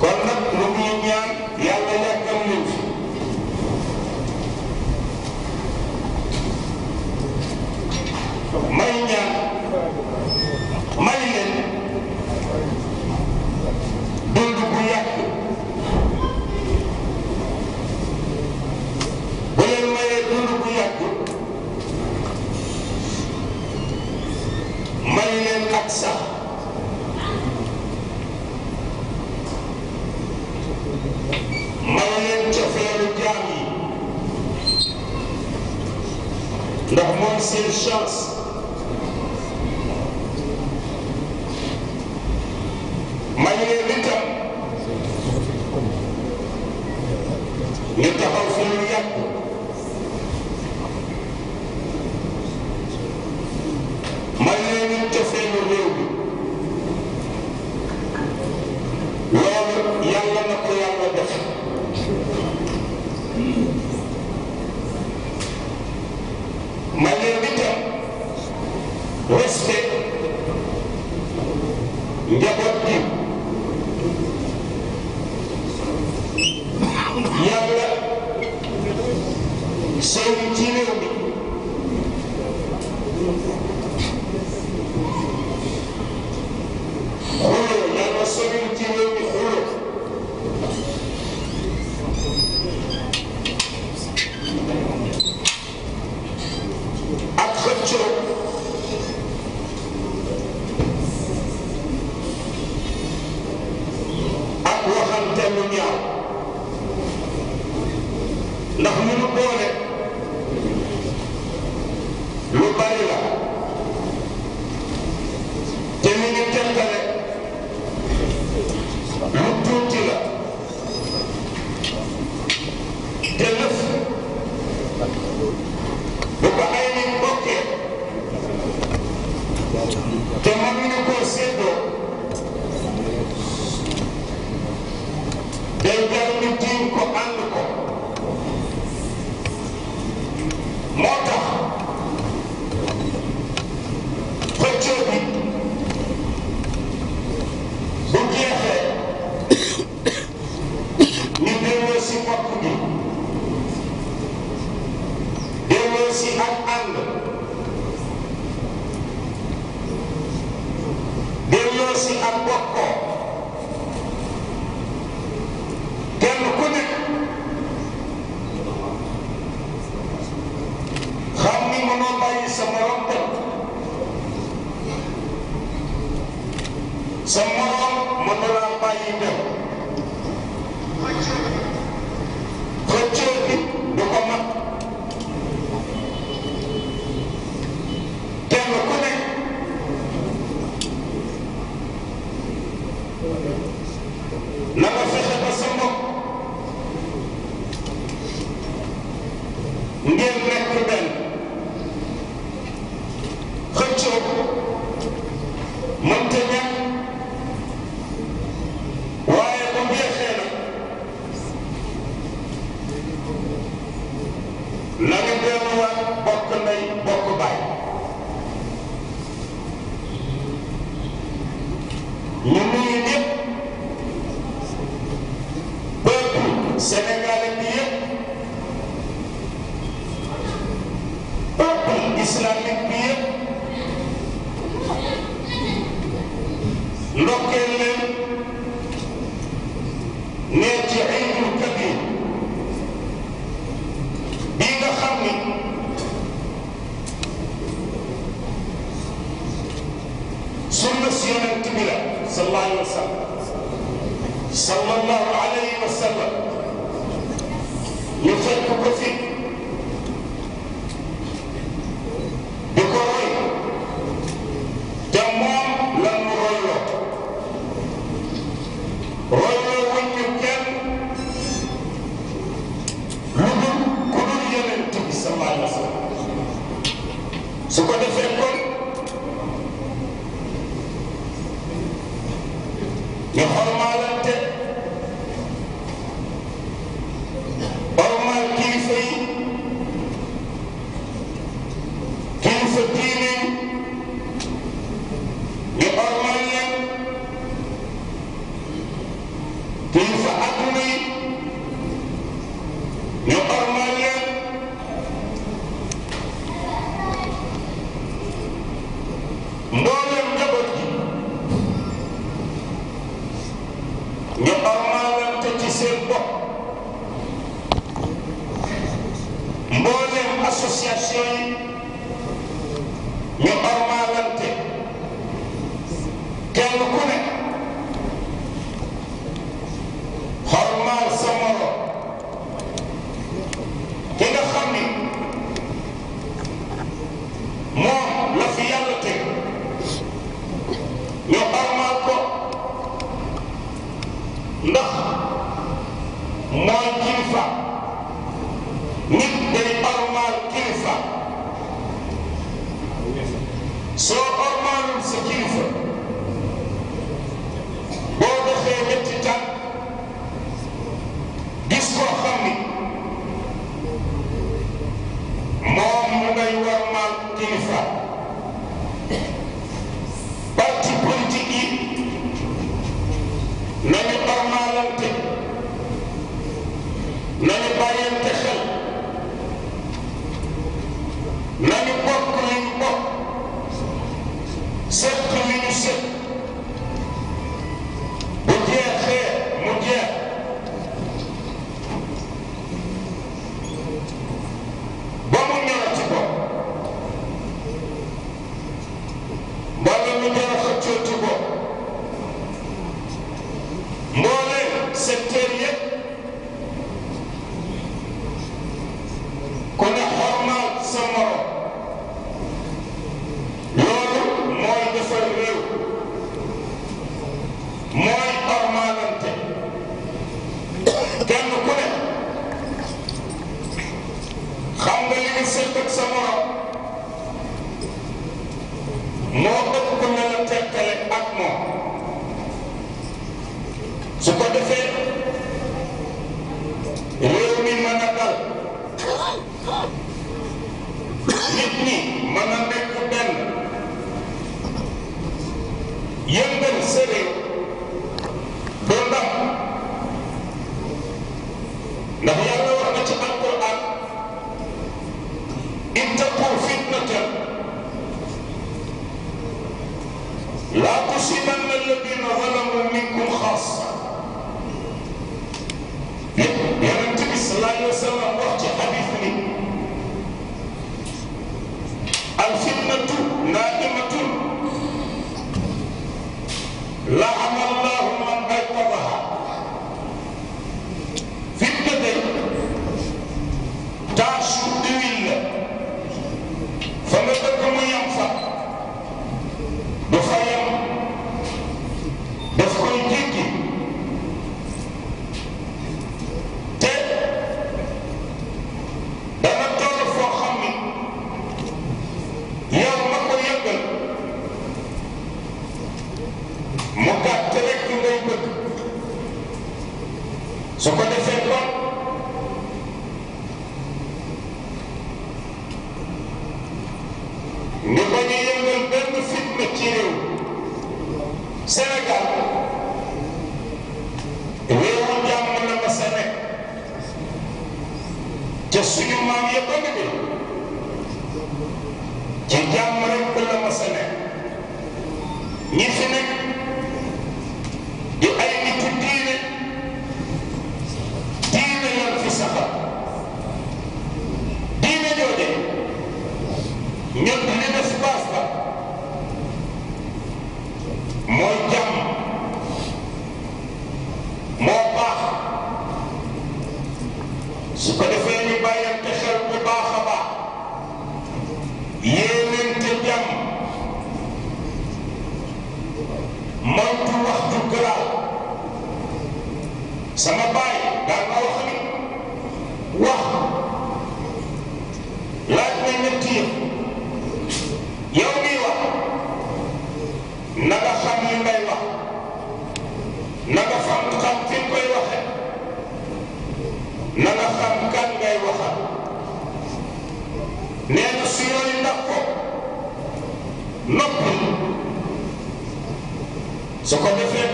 kon nag lu ñuy ñaan ancienne chance. ma ñu leen itam ñu taxaw fi ñu yàgg ma leen di teg respect lu bari la te li ñu teqale lu tuuti te lëf bu ko ay nit bokkee te mënuñu koo séddoo day si ak bokkoo islamique bi yëpp ndokkee leen ne ci Iidul Kabiir bi nga xam ni sunna si yonent bi la sallallahu alayhi wa sallam sallallahu alayhi wa sallam ñu fekk ko fi su ko defee kon ñu xormaalante ormaal kilifa yi kilifa diine ñu ormaal leen kilifa ak ñu ormaalante kenn ku ne xormaal sa morom ki nga xam ni moom la fi yàlla teg ñu ormaal ko ndax mooy kilifa nit day ormaal kilifa soo ormaalul sa kilifa boo doxee ñetti tànk gis koo moom mu ngay warmaal kilifa parti politique yi nañu ormaalante nañu bàyyi nit ñi mën a nekk benn yëngal sëriñ su ko defee kon ñu bañ a yëngal benn fitna ci réew Sénégal réewu jàmm ma sa nekk ca suñu maam ya bëgg bi ci jàmm rek ma sa nekk ñi fi nekk su ko defee ñu bàyyante xel bu baax a baax yéenante jàmm moytu wax ju garaaw sama baay daan na wax ni wax laaj na ñett yëpp yow wax na nga xam li ngay wax na nga xam su ko defee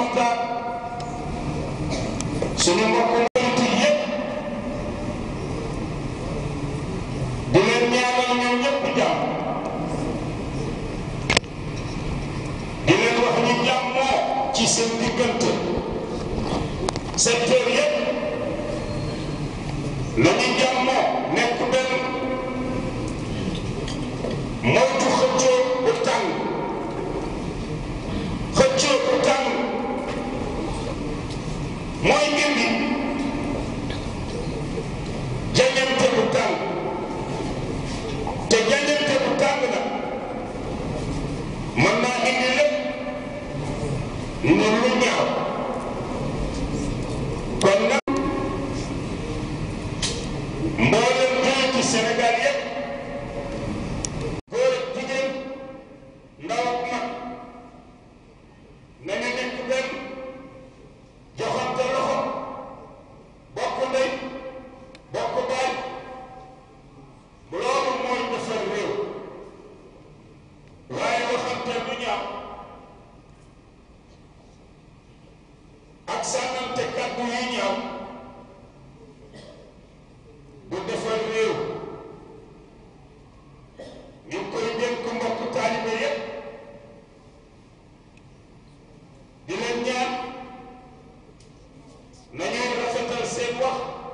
waxtaan suñu mbokk wax